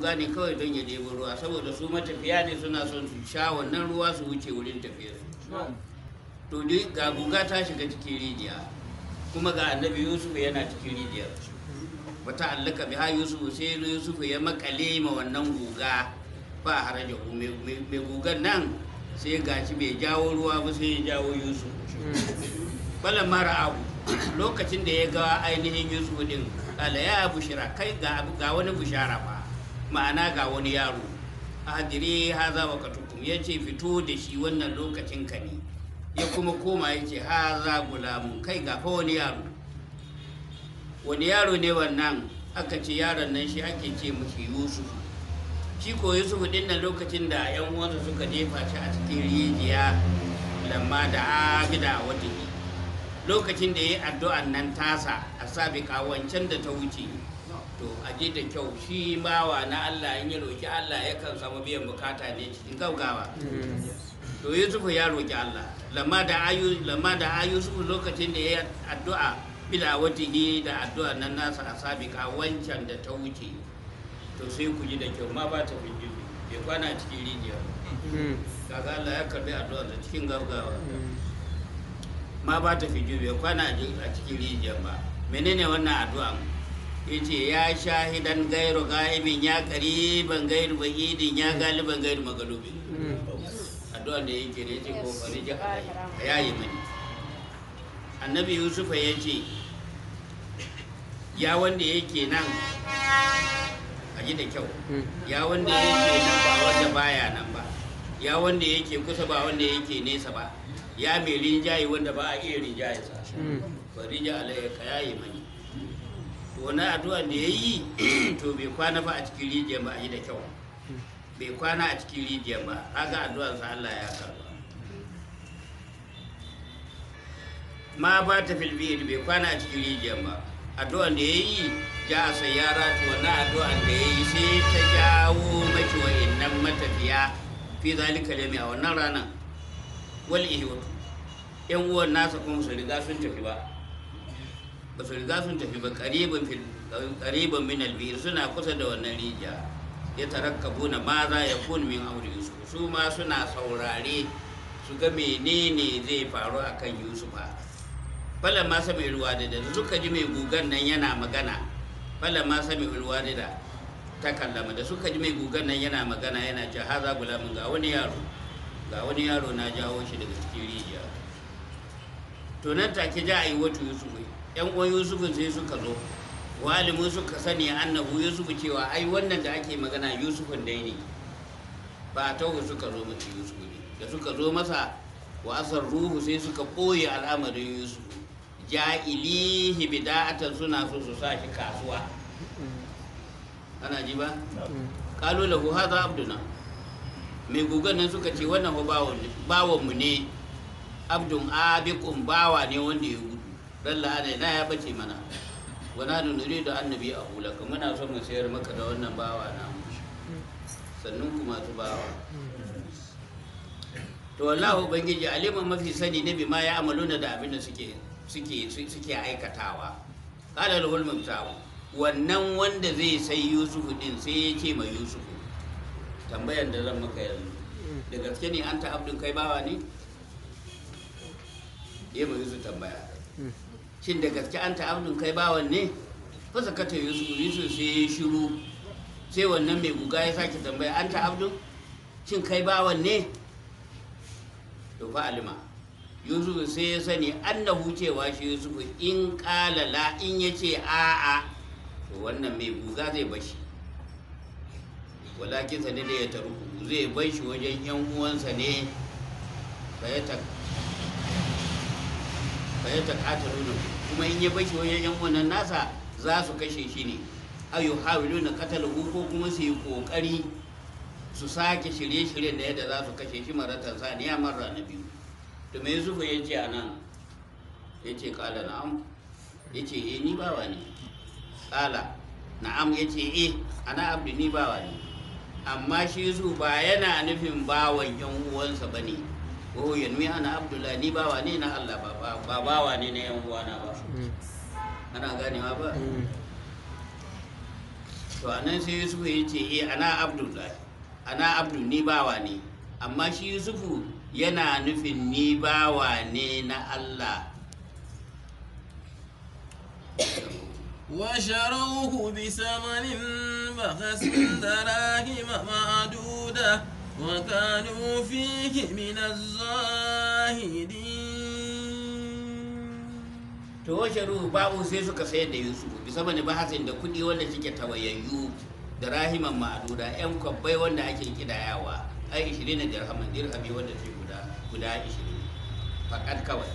guga ne kawai don ya ɗebo ruwa saboda su matafiya ne suna son su sha wannan ruwa su wuce wurin tafiyar su to dai ga guga ta shiga cikin rijiya kuma ga annabi yusuf yana cikin rijiya wata allaka biha yusuf sai yusuf ya makale ma wannan guga ba haraja mai gugan nan sai gashi bai jawo ruwa ba sai ya jawo yusuf balan mara abu lokacin da ya ga ainihin yusuf din ala ya bushira kai ga wani bushara ba ma'ana ga wani yaro hadiri haza wa katukum ya ce fito da shi wannan lokacin ka ne ya kuma koma ya ce haza gulamu kai ga fa wani yaro wani yaro ne wannan aka ce yaron nan shi ake ce mashi yusufu shi ko yusuf din nan lokacin da yan uwansa suka jefa shi a cikin rijiya lamma da agida wata lokacin da ya yi addu'an nan tasa a sabi wancan da ta wuce to a ji da kyau shi bawa na Allah in ya roki Allah yakan samu biyan bukata ne cikin gaugawa to Yusuf ya roki Allah lamma da ayu lamma da lokacin da ya addu'a bila watihi da addu'a nan nasa a sabika wancan da ta wuce to sai ku ji da kyau ma ba ta fi bai kwana cikin rijiya kaga Allah ya karbi addu'a da cikin gaugawa ma ba ta fi bai kwana a cikin rijiya ba menene wannan addu'a yace ya shahidan gairu ga'ibin ya kariban gairu ba'idin ya galiban gairu magalubin addu'a da yake ne yace ko farija ya yi mani annabi yusufa ce ya wanda yake nan a da kyau ya wanda yake nan ba wanda baya nan ba ya wanda yake kusa ba wanda yake nesa ba ya mai rinjaye wanda ba a iya rinjaye sa ba rinja alayyaka ya yi mani wani addu'a da ya yi to bai kwana ba a cikin rijiyar ba a yi da kyau bai kwana a cikin rijiyar ba haka addu'arsa Allah ya karba ma ba ta filbiyar bai kwana a cikin rijiyar ba addu'ar da ya yi ja sai ya ratu wani addu'ar da ya yi sai ta jawo maki innan matafiya fi zalika lami a wannan ranar wal ihwatu yan uwan nasa kuma su riga sun tafi ba ba su sun tafi ba ƙariban min albir suna kusa da wannan rijiya ya tarakka buna, ma za ya kun min aure su su ma suna saurare su ga menene zai faru akan yusufa fala ma sami ruwa da suka ji mai gugan nan yana magana fala ma sami ruwa da ta kallama da suka ji mai gugan nan yana magana yana ce za gulamin ga wani yaro ga wani yaro na jawo shi daga cikin rijiya to nan take ja a yi wata yusufu yan uwan yusuf sai suka zo walimin suka sani annabu yusufu cewa ai wannan da ake magana yusufin dai ne ba tauhu suka zo masa yusufu ne da suka zo masa wa asar ruhu sai suka ɓoye al'amarin yusufu ja'ilihi bida'atan suna so su sa shi kasuwa ana ji ba kalu lahu hadha abduna mai gugan nan suka ce wannan bawon mu ne abdun abikun bawa ne wanda ya gudu dan la'ana na ya bace mana wana da nuri da annabi a hula kuma muna son mu sayar maka da wannan bawa na sannan kuma su bawa to wallahi ubangiji aliman mafi sani ne bima ya amaluna da abin da suke suke suke aikatawa qala al wannan wanda zai sai yusufu din sai ya ce mai yusufu tambayan da zan maka yanzu da gaske ne an ta abdin kai bawa ne ya mai yusuf tambaya shin da gaske an ta'abdun kai bawan ne fa kata yusuf yusuf sai ya shiru sai wannan mai guga ya sake tambaya an abdun shin kai bawan ne to fa alima yusuf sai ya sani annahu cewa shi yusuf in kala la in yace a'a to wannan mai guga zai bashi walakin sanin ne da ya taru? zai bashi wajen yan uwansa ne fa ya fayyata ya kuma in ya bashi wajen yan wannan nasa za su kashe shi ne ayu na qataluhu ko kuma su yi kokari su sake shirye shiryen da yadda za su kashe shi maratan saniya marra na biyu to me yusufu ya ce a nan ya ce kala na'am ya ce eh ni bawa ne kala na'am ya ce eh ana abdu ni bawa ne amma shi su yana nufin bawan yan uwansa ba ne ko oh, yanmi ana abdullahi ni bawa ne na Allah ba bawa ne na yan uwana ba ana ganewa ba to anan sai yusufu ya ce eh ana abdullahi ana abdu ni bawa ne amma shi yusufu yana nufin ni bawa ne na Allah وشروه بثمن بخس دراهم معدوده وكانوا فيه من الزاهدين to wace ruhu babu sai suka sayar da yusufu bisa mani bahasin da kuɗi wanda suke tawayayyu da rahiman ma'aduda yan kwabbai wanda ake kidayawa ai da dirhaman dirhami wanda ke guda guda 20 fakat kawai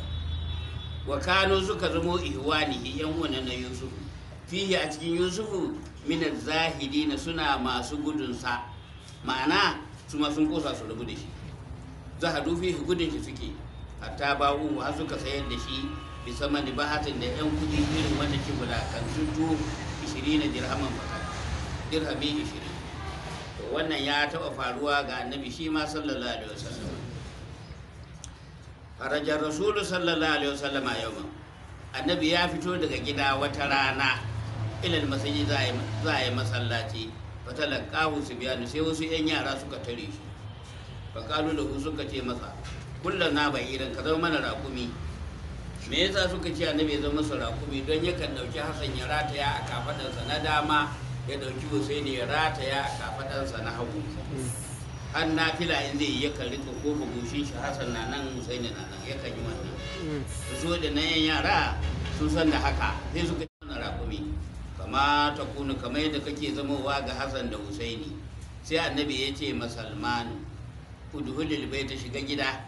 wa kano suka zamo ihwanihi yan wannan na yusufu fihi a cikin yusufu min zahidina suna masu gudunsa ma'ana su ma sun kosa su rabu da shi za a dufi gudun shi suke hatta ba uku har suka sayar da shi bisa mani hatin da yan kudi irin wanda ke guda kan tuntu 20 na dirhaman fata dirhami 20 to wannan ya taba faruwa ga annabi shi ma sallallahu alaihi wasallam faraja rasulu sallallahu alaihi wasallama yau annabi ya fito daga gida wata rana ilal masjid za a yi masallaci fatalaqahu sibyanu sai wasu yan yara suka tare shi da ku suka ce masa Kullum na bai irin ka zama mana raƙumi me yasa suka ce annabi ya zama masa raƙumi don yakan dauki hasan ya rataya a kafadansa na dama ya dauki ne ya rataya a kafadansa na hagu an na fila in zai yi yakan rika ko gushin shi hasan na nan ne na nan yakan yi wannan mm. su da nan yara sun san da haka sai suka ce mana raƙumi kama ta kunu kamar yadda kake zamowa ga Hassan da Husaini sai annabi ya ce masalman udhulil ta shiga gida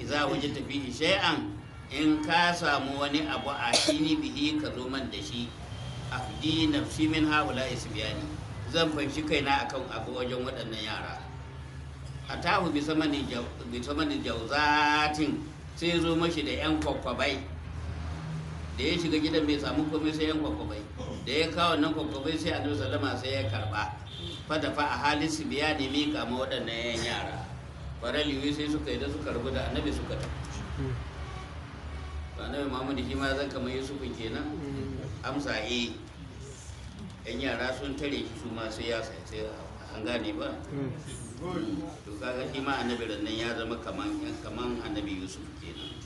idza ta fi shay'an in ka samu wani abu a shini bihi ka zo man da shi afdi nafsi min haula isbiyani zan fahimci kaina akan abu wajen waɗannan yara a tahu bi samani jauzatin sai zo mashi da yan kwakwabai da ya shiga gidan bai samu komai sai yan kwakwabai da ya kawo nan kwakwabai sai annabi sallama sai ya karba fa a halin su biya ne mika ma waɗannan yan yara faraliwi sai suka yi da suka rubu da annabi suka tafi annabi muhammadu shi ma zan kamar yusufin kenan amsa yi eh, yan yara sun tare shi su ma sai ya sai an gane ba to kaga shi ma annabi rannan ya zama kaman annabi yusuf kenan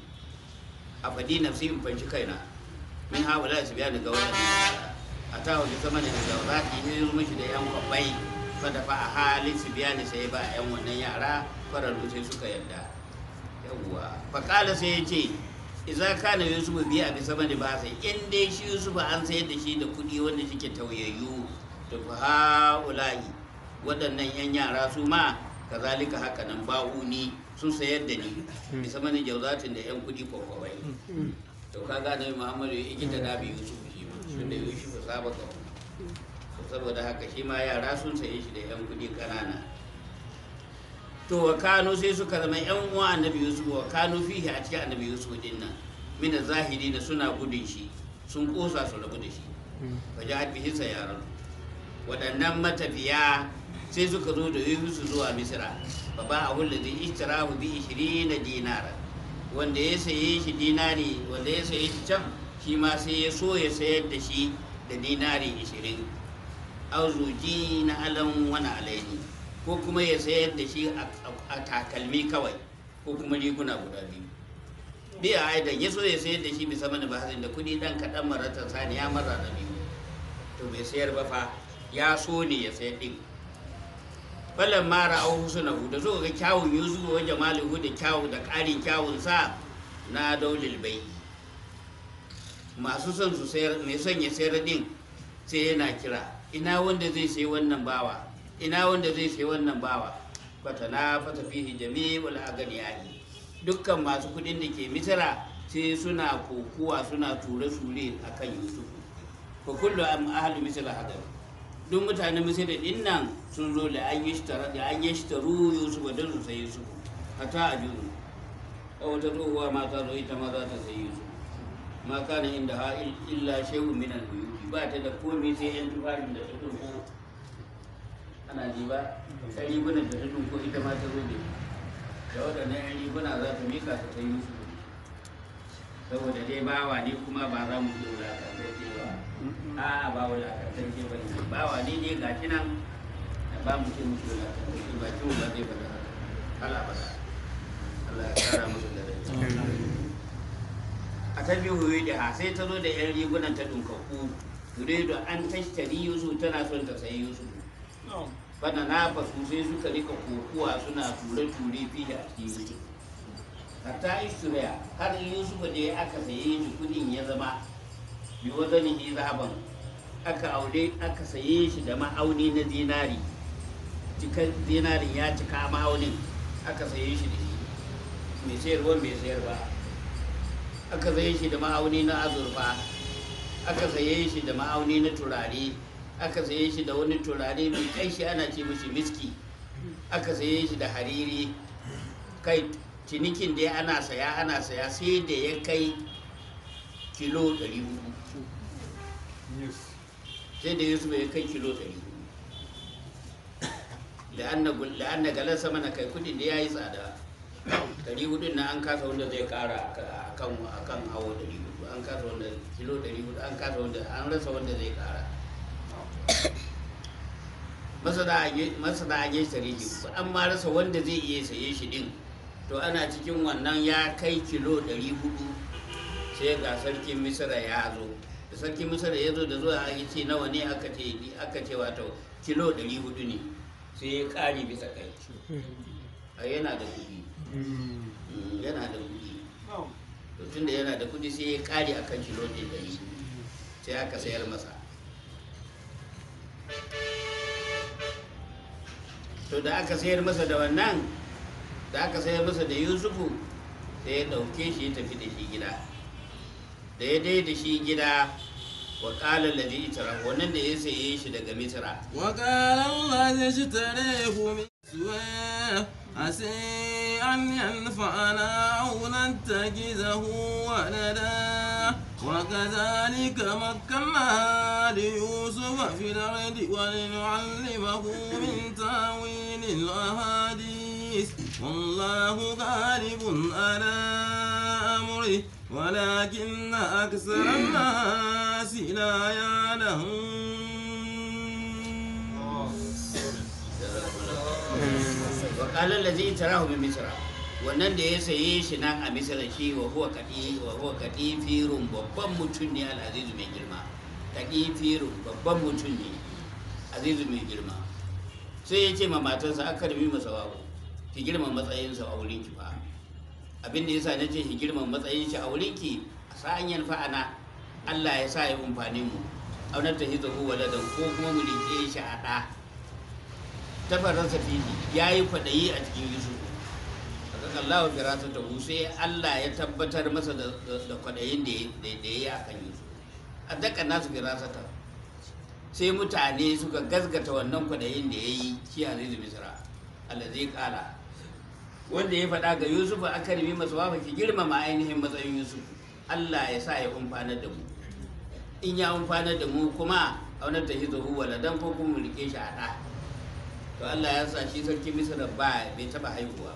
a fadi nafsi in fanshi kaina min hawa da su biya daga wannan a ta wajen zama da zauraki ne zo mashi da yan kwabai fada fa a halin su biya da sai ba a yan wannan yara fararru sai suka yarda yawwa kala sai ya ce iza kana yusuf biya bi sama da ba sai in dai shi yusuf an sayar da shi da kuɗi wanda shi tauyayyu to fa haula'i waɗannan yan yara su ma kazalika haka nan ba'uni sun sayar da ni bisa mani jauzatin da yan kudi kwakwawai to ka gane muhammadu ya ikita na biyu yusuf su da tunda yusuf saba ka saboda haka shi ma yara sun saye shi da yan kudi kanana to wa kano sai suka zama yan uwa annabi yusuf wa kano fihi a cikin annabi yusuf din nan mina zahiri na suna gudun shi sun kosa su rabu da shi wa ja'at bihi sayaran waɗannan matafiya sai suka zo da yusuf zuwa Misira. fa da alladhi ishtarahu bi 20 dinara wanda ya saye shi dinari wanda ya saye shi can shi ma sai ya so ya sayar da shi da dinari 20 auzuji na alam wani alaini ko kuma ya sayar da shi a takalmi kawai ko kuma riguna guda biyu biya aida ya so ya sayar da shi bisa mana bahasin da kudi dan kaɗan maratan sani ya mara da biyu to bai sayar ba fa ya so ne ya sayar din falan mara au suna da so ga kyawun yuzu wajen jamalihu da kyawun da ƙarin kyawun sa na daulil bai masu son su mai son ya sayar din sai yana kira ina wanda zai sayi wannan bawa ina wanda zai sai wannan bawa fatana fata fihi jami'ul aganiyahi dukkan masu kudin da ke misira sai suna kokuwa suna ture-ture akan yusuf fa kullu am ahlu misra hadar duk mutanen misir da dinnan sun zo da an yi da an yi shitaru yusuf don su sayi su hata a juzu a wata tsohuwa ta zo ita ma za ta sayi su ma kana inda ha illa shehu min al ba ta da komai sai yan tufarin da ta dunko ana ji ba ta rigunan da su ko ita ma ta zo da waɗannan yan riguna za ta mika ta sayi su saboda dai bawa ne kuma ba za mu ce wulakantacce ba a ba wulakantacce ba ne bawa ne ne ga shi nan ba mu ce mutu wulakantacce ba ce ba zai ba Allah bada Allah ya kara musu a ta biyu huyi da sai ta zo da yan rigunan ta dunkaku yurido an tashtari yusuf tana son ta sayi yusuf bana na fasu sai suka rika kokuwa suna ture-ture fiye a cikin yusuf hatta ishturiya har yusufu da ya aka saye shi kudin ya zama bi wazanihi zahaban aka aure aka saye shi da ma'auni na zinari cikin zinarin ya cika ma'aunin aka saye shi da shi mai sayarwa mai sayarwa. aka saye shi da ma'auni na azurfa aka saye shi da ma'auni na turare aka saye shi da wani turare mai kai shi ana ce mishi miski aka saye shi da hariri kai cinikin dai ana saya ana saya sai da ya kai kilo 300 sai da yusuf ya kai kilo 300 da an na galar sama na kai kudin da ya yi tsada 400 na an kasa wanda zai kara a kan hawo 400 an kasa wanda kilo 400 an kasa wanda an rasa wanda zai kara da a gefe tarihi an ma rasa wanda zai iya saye shi din to ana cikin wannan ya kai kilo 400 sai ga sarkin misira ya zo da sarkin misira ya zo da zuwa a ce nawa ne aka ce Aka ce wato kilo 400 ne sai ya kare bisa kai a yana da kudi mm, yana da kudi to tun da yana da kudi sai ya a akan kilo 100 sai aka sayar masa to da aka sayar masa da wannan da aka sai masa da yusufu sai ya ɗauke shi ya tafi da shi gida da ya dai da shi gida wa kala ladi itara wannan da ya saye shi daga mitra wa kala ladi shi tare ku mi suwa a sai an yanfa ana aunan ta giza huwa da da wa kama makanna da yusuf fi da al wani wa li nu'allimahu min tawilin lahadi الحديث والله غالب على أمره ولكن أكثر الناس لا يعلمون وقال الذي تراه بمصر wannan da ya saye shi nan a misira shi wa huwa firin babban mutum ne al'azizu mai girma firin babban mutum ne azizu mai girma sai ya ce ma matarsa aka rami masa wako ki girma matsayinsa a wurin ki fa abin da yasa nace ki girma matsayin shi a wurin ki A sa'an yan fa'ana Allah ya sa ya umfane mu aunar ta hizo ko waladan ko kuma mu rike shi a da tabarran safini yayi fadayi a cikin Yusuf kaga Allah firasa ta sai Allah ya tabbatar masa da kwadayin da ya yi akan Yusuf addaka nasu firasa ta sai mutane suka gasgata wannan kwadayin da ya yi kiyar da misra alazai wanda ya faɗa ga yusufu a aka rimi masuwafa ki girmama ainihin matsayin yusuf allah ya sa ya umfanar da mu in ya umfanar da mu kuma a wani ta hizo huwala dan ko kuma rike shi a ɗa to allah ya sa shi sarki misira ba bai taɓa haihuwa ba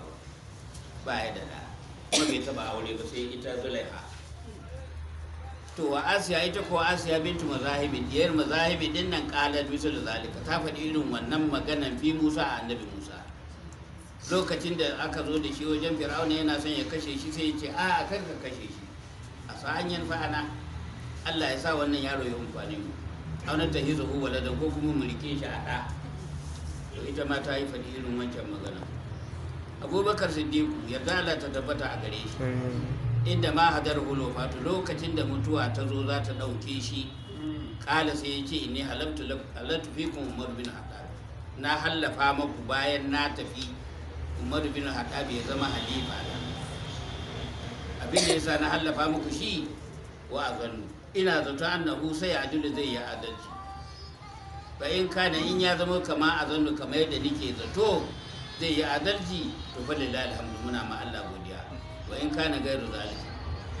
ba ya da ɗa kuma bai taɓa aure ba sai ita zulaiha to wa asiya ita ko asiya bintu mazahibi diyar mazahibi din nan kalar da zalika ta faɗi irin wannan maganan fi musa a annabi musa lokacin da aka zo da shi wajen fir'auna yana son ya kashe shi sai ya ce a a kar ka kashe shi a sa hanyar fa'ana Allah ya sa wannan yaro ya amfani mu auna ta hizo huwa ladan ko kuma mulkin shi a da to ita ma ta yi fadi irin wancan magana Abubakar Siddiq ya Allah ta tabbata a gare shi mm. inda ma hadar hulofatu lokacin da mutuwa ta zo za ta ɗauke shi mm. kala sai ya ce inni halattu fikum umar bin na hallafa maku bayan na tafi umar bin hatab ya zama halifa abin da sa na hallafa muku shi wa azannu ina zato annahu sai adilu zai yi adalci ba in kana in ya zama kama azannu kamar yadda nake zato zai yi adalci to fa lillahi alhamdu muna ma Allah godiya wa in kana gairu zalika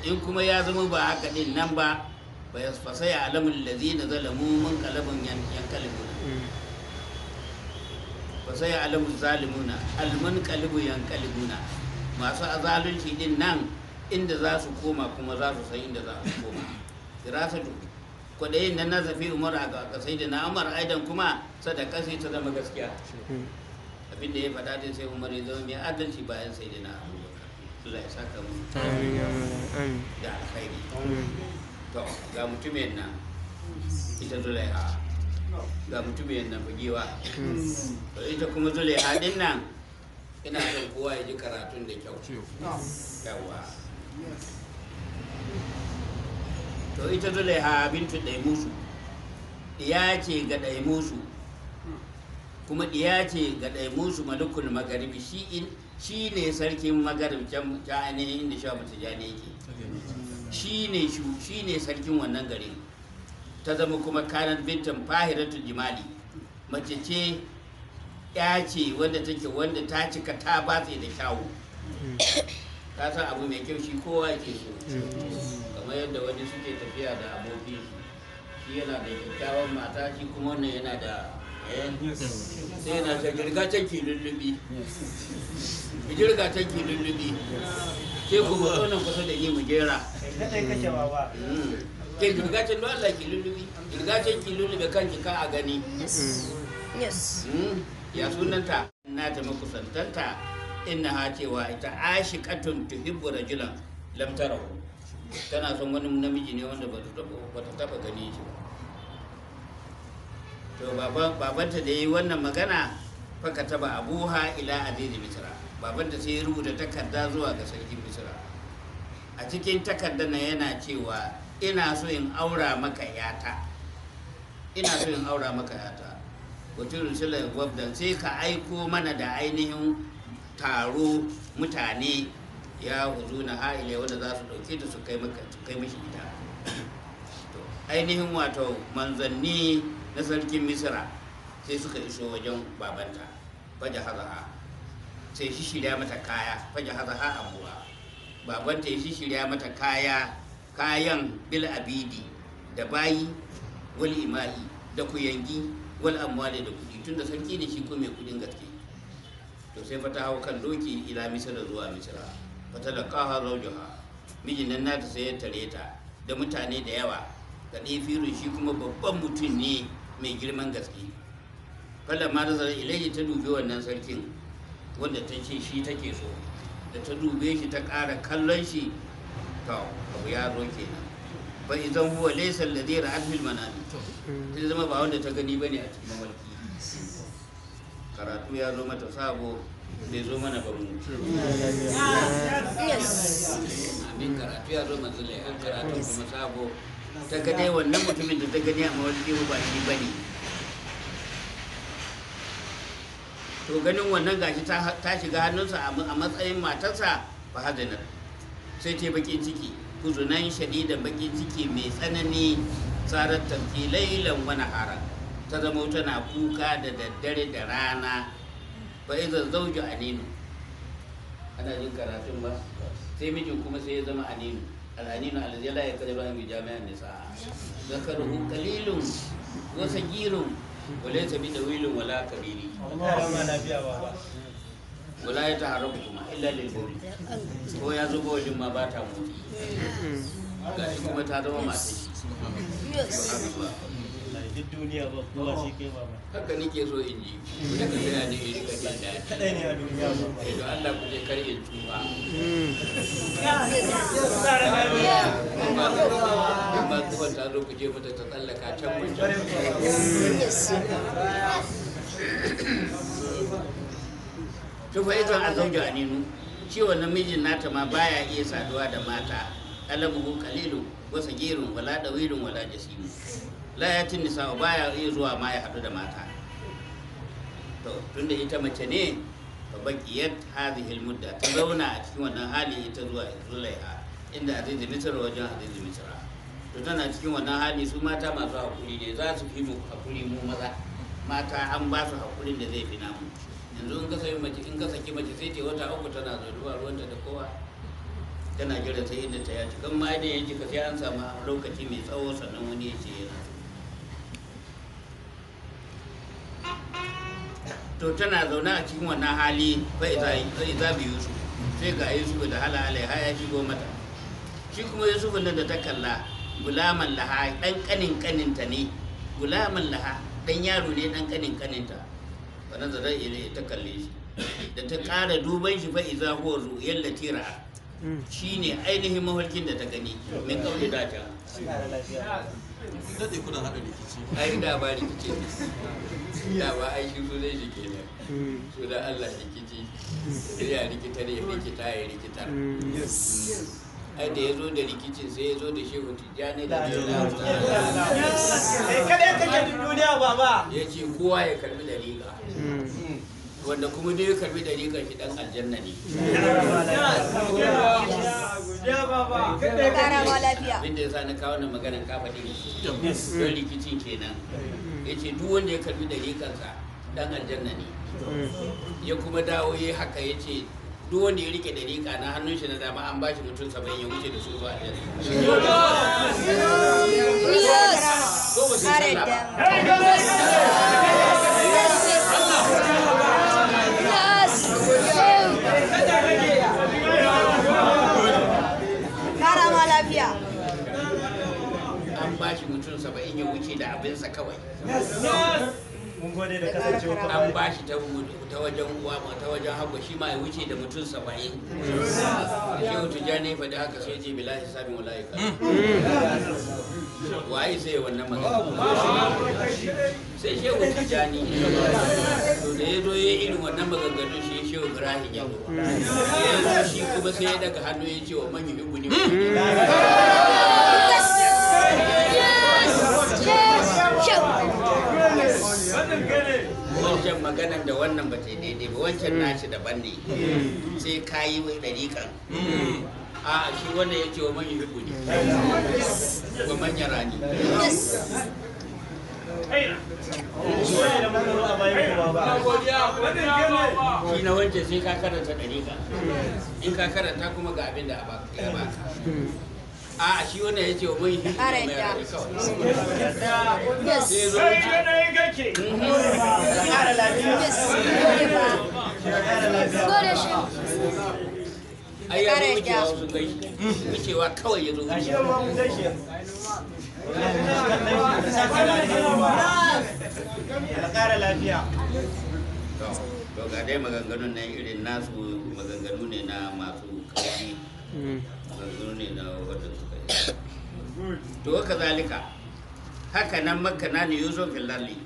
in kuma ya zama ba haka din nan ba fa sai alamul ladina zalamu mun kalabin yanqalibu hmm. sai alamu zalimuna almun kalibu kalibuna masu azalunci din nan inda za su koma kuma za su san inda za su koma firasatu kwadayin nan na zafi umar a kasai da na umar aidan kuma sadaka sai ta zama gaskiya abin da ya faɗa din sai umar ya zama mai adalci bayan sai da na Allah ya saka mu da alkhairi to ga mutumin nan ita zulaiha ga mutumin na bugewa hmm. ita kuma zule haɗin nan ina son kowa ya ji karatun da kyau yawa to ita zule ha bintu musu ya ce ga musu kuma ya ce ga musu malukul magaribi shi ne sarkin magarib can ainihin inda sha mutu yake shi ne sarkin wannan garin ta zama kuma kanar bintan fahiratul jimali mace ce ya ce wanda take wanda ta cika ta batse da kyawu ta san abu mai kyau shi kowa ke so kamar yadda wani suke tafiya da abokin shi yana da kyakkyawan mata shi kuma wannan yana da eh, sai yana ta girga ta ke lullubi girga ta ke lullubi sai kuma wannan kusa da yi mu gera ke girgacin don Allah ki lullubi girgacin ki lullube kanki ka a gani yes mm. Mm. ya sunanta na ta makusantanta inna ha cewa ita ashi ashiqatun tuhibbu rajulan lam tarahu tana son wani namiji ne wanda ba ta taba gani shi ba to babanta da yi wannan magana faka taba abuha ila azizi misra babanta sai rubuta takarda zuwa ga sarkin misra a cikin takardar yana cewa ina so in aura maka yata ina so in aura maka yata wajen rusula gwabdan sai ka aiko mana da ainihin taro mutane ya huzu na ha'ile wanda za su ɗauke da su kai mashi gida ainihin wato manzanni na sarkin misira sai suka iso wajen babanta faja hazaha sai shi shirya mata kaya faja hazaha abuwa babanta ya shi shirya mata kaya kayan bil abidi da bayi wal ima'i da kuyangi wal amwali da kudi tunda sarki da shi ko mai kudin gaske to sai fata hau kan doki ila misra zuwa misra fata da kaha zaujuha mijin nan nata sai ya tare ta da mutane da yawa da firin shi kuma babban mutum ne mai girman gaske kala ma nazar ilayi ta dubi wannan sarkin wanda ta ce shi take so da ta dube shi ta ƙara kallon shi to abu ya zo kenan fa idan huwa da zai ra'ad mil manami to sai zama ba wanda ta gani ba ne a cikin mamalki karatu ya zo mata sabo bai zo mana ba mu amin karatu ya zo manzo lai an karatu kuma sabo ta ga dai wannan mutumin da ta gani a mawalki ba ba shi bane to ganin wannan gashi ta shiga hannunsa a matsayin matarsa ba hadanar sai ta bakin ciki huzunan shadidan bakin ciki mai tsanani tsarar tafi lailan wani haram. ta zama tana kuka da daddare da rana ba izan zauju aninu ana jin karatun ba sai mijin kuma sai ya zama aninu al'aninu alazi la ya kare ba mai jami'an nisa zakaruhu kalilun wasa sagirun wa laysa bi wilin, wala kabiri Allah ma lafiya ba wala ya ta haramu kuma illa lil bawli ko ya zo bawlin ma ba ta mutu shi kuma ta zama mata duk duniya ba kowa ba haka nake so in ji ya a duniya ba to eh, Allah ku je kar in tuba ba ta zo ku je mata ta tsallaka can mun a tufaizan a ninu, ciwon namijin nata ma baya iya saduwa da mata alamuhu kalilu wasa sagirun wala wirin wala jasimu la yatin nisa baya iya zuwa ma ya hadu da mata to tunda ita mace ne fa baqiyat hazi ilmuda ta zauna a cikin wannan hali ita zuwa zulaiha inda aziz misra wajen aziz misra to tana cikin wannan hali su mata masu hakuri ne za su fi mu hakuri mu maza mata an ba su hakurin da zai fi namu yanzu in kasa sayi mace in ka saki mace sai ta wata uku tana zuwa ruwanta da kowa tana jira sai inda ta yaci kan ma idan ya ka sai an samu lokaci mai tsawo sannan wani ya ce yana to tana zaune a cikin wannan hali bai za bi yusuf sai ga yusuf da halahala ya haya shigo mata shi kuma yusuf nan da ta kalla gulaman laha dan kanin kaninta ne gulaman laha dan yaro ne dan kanin kaninta fa nazara ilai ta kalle shi da ta ƙara duban shi fa iza huwa ru'yal lati ra'a shine ainihin mafarkin da ta gani min kawai da ta daɗe kuna haɗa rikici ai da ba rikici ne da ba ai shi zai ke ne so da Allah rikici ya rikita ne ya rikita ya rikita mm. Mm. ai da ya zo da rikicin sai ya zo da shehu tijjani da kada ka jadi duniya baba ya ce kowa ya karbi dariƙa wanda kuma dai ya karbi dariƙar shi dan aljanna ne abinda ya sa na kawo na maganar kafa ɗin don rikicin kenan ya ce duk wanda ya karbi dariƙarsa dan aljanna ne ya kuma dawo ya haka ya ce duk wanda ya rike dariƙa na hannun shi na dama an bashi mutum saba'in ya wuce da su zuwa da ba su sallah ba an bashi mutum saba'in ya wuce da abinsa kawai mun gode da kasancewa kuma an bashi ta ta wajen uwa ma ta wajen hagu shi ma ya wuce da mutum 70 mm. shehu tijani fa da haka sai je bilahi sabin wallahi ka waye sai wannan magana sai shehu tijani to da ya zo ya irin wannan maganganu shi shehu ibrahim ya zo mm. ya zo shi kuma sai ya daga hannu ya ce wa manyan ibu ne mm. wancan maganan da wannan ba ta daidai ba wancan hmm. nashi daban ne hmm. sai ka yi wai ɗariƙan hmm. a shi wanda yake wa manyan hibu ne wa manyan rani shi na wancan sai ka karanta dariƙa in ka karanta kuma ga abin da a baka a shi wanda ya ce wa mai hindi mai yare ai ya zo muke wasu gai kawai ya zo to ga dai maganganun nan irin nasu maganganu ne na masu mm. maganganu ne na wadda to kazalika, zalika haka nan na ne yusuf fillalli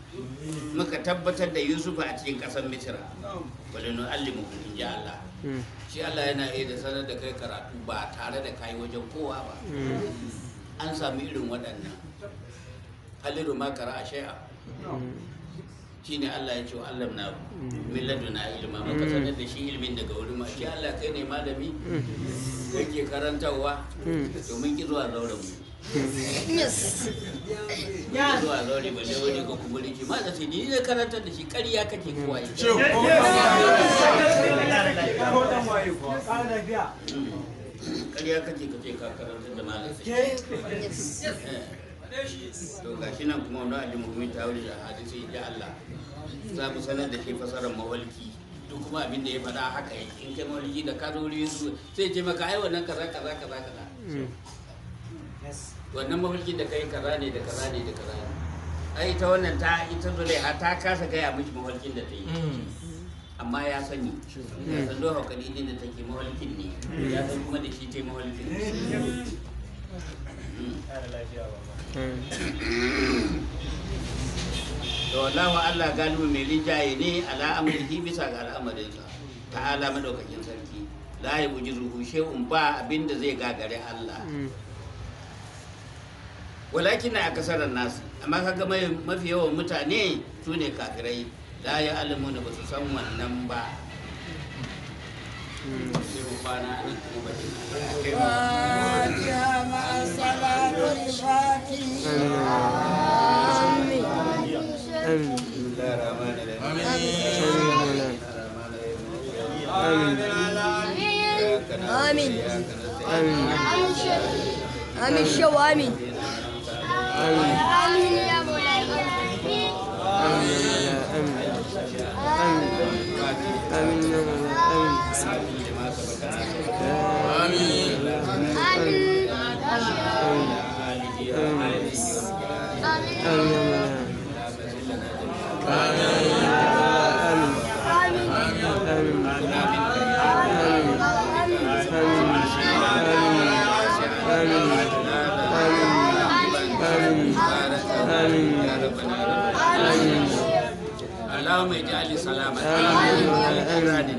muka tabbatar da yusuf a cikin kasar misira wani nun allimu in ji allah hmm. shi allah yana iya da sanar da kai karatu ba tare da kayi wajen kowa ba hmm. an sami irin waɗannan haliru makara a shai'a hmm. shine Allah ya ce wa Allah na mm. min laduna ilma maka mm. sanar da shi ilmin daga wuri ma shi Allah kai ne malami kake karantarwa mm. mun ki zuwa zauren mu ya zuwa zaure ba dai wani ka kuma riki ma da ni ne karantar da shi ƙarya kake kuwa yi ƙarya kake kake ka karantar da to ga shi nan kuma wani alimumin ta wuri da hadisi ya ji Allah za mu sanar da shi fasarar mawalki duk kuma abin da ya faɗa haka yake in kai mawalki da ka zo wuri su sai ce maka ai wannan kaza kaza kaza kaza wannan mawalki da kai kaza ne da kaza ne da kaza ne ai ita wannan ta ita zulaiha ta kasa gaya miki mawalkin da ta yi mm. amma ya sani ya san zuwa kalilin da take mawalkin ne ya san kuma da shi ta yi mawalkin mm. Mm. da wallahu Allah galibu mai rinjaye ne ala bisa ga al'amarinsa ta'ala madaukakin sarki la buji zai gagare Allah hmm. walakin na akasarar nasu amma kaga mafi yawan mutane su ne kafirai la yi alamu ba su san wannan ba Yeah. Hmm. رضاكي آمين آمين آمين آمين آمين آمين شو آمين آمين آمين يا مولاي آمين يا آمين آمين آمين يا مولاي آمين أيما اللهم اجعل لي سلامة آمين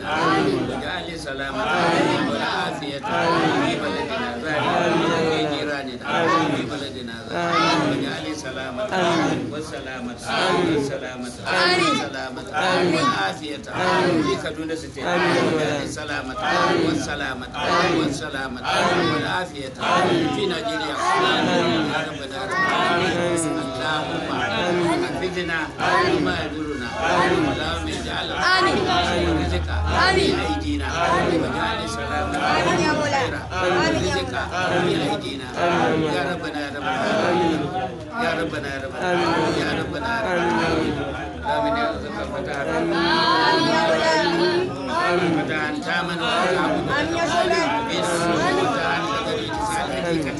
اجعل لي سلامة salamat amin salamat amin salamat amin afiyat amin ya kaduna su ta amin salamat amin wa salamat amin wa salamat amin wa afiyat amin fi najiriya amin ya rabbana amin allahumma amin fitina amin ma yaduruna amin la ربنا يا ربنا يا ربنا يا ربنا آمين يا رزق الفتح فتح أن تأمن وتعبد أن يشهد فتح أن تدري تسعى الحقيقة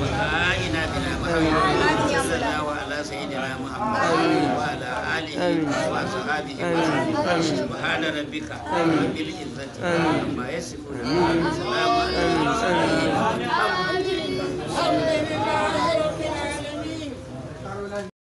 وآيناتنا محمد وعلى سيدنا محمد وعلى آله وصحابه سبحان ربك رب العزة عما يصفون سلام على المرسلين الحمد لله